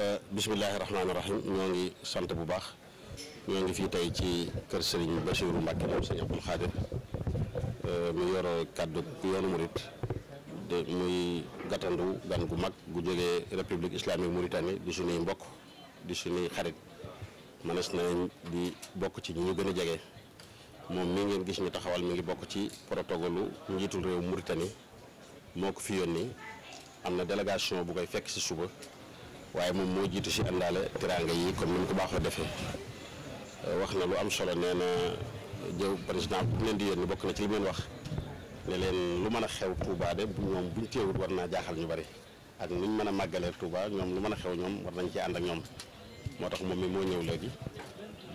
Eh, bisimilahi rahmaani rahim ñoo ngi sant bu baax ñoo ngi fii tey ci kër sëriñ Bachirou Mbacke moom Serigne Abdoul Khadir eh, mu yore kàddu yoonu murit de muy gàttandu gan gu mag gu jógee république islamique Mauritanie di suñuy mbokk di suñuy xarit mënees nañ di bokk ci ñu gën a jege moom mi ngeen gis ñu taxawal mi ngi bokk ci protocole njiitul réew Mauritanie moo ko fi yoon ni am na délégation bu koy fekk ci suba. waaye moom moo jiitu si àndaale tiraanga yi comme ni mu ko baaxoo defee euh, wax na lu am solo nee na jëw président bu leen di yéen bokk na ci leen wax ne leen lu mën a xew Touba de ñoom buñ teewut war naa jaaxal ñu bari ak nuñ mën a màggalee Touba ñoom lu mën a xew ñoom nañ ci ànd ak ñoom moo tax moom mi moo ñëw léegi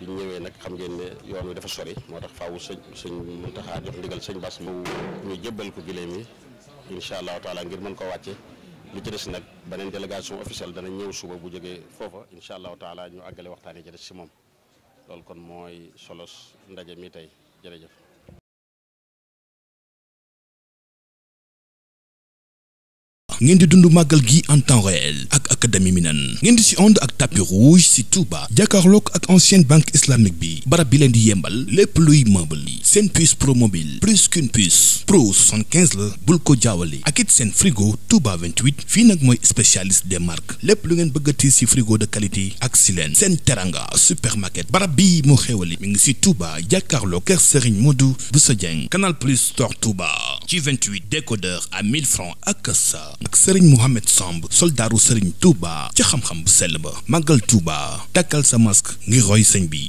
biñ ñëwee nag xam ngeen ne yoon wi dafa sori moo tax faaw sëñ sëñ Muntaxa jox ndigal sëñ Bass mu ñu jébbal ko gileem yi incha allah taala ngir mën ko wàcce lu ci des nag beneen délégation officielle dana ñëw suba bu jógee foofa incha allahu taala ñu àggale waxtaane yi si moom lool kon mooy solos ndaje mi tey jërëjëf. ngeen di dund màggal gi en temps réel académie minan ngeen di si onde ak tapis rouge si Touba jàkkaarloog ak ancienne banque islamique bi barab bi leen di yembal lépp luy meuble yi seen puce pro mobile plus qu'une puce pro 75 la bul ko jaawale ak it seen frigo Touba 28 fii nag mooy spécialiste des marques lépp lu ngeen bëggati si frigo de qualité ak si leen seen teranga supermarket barab bi mu xewali mi ngi si Touba jàkkaarloog kër Serigne Modou Bousso Dieng Canal Plus Store Touba ci 28 décodeur à 1000 francs ak sa ak Serigne Mohamed Samb soldaru Serigne Touba ca xam-xam bu sell ba màggal Touba takkal sa masque ngir roy sëñ bi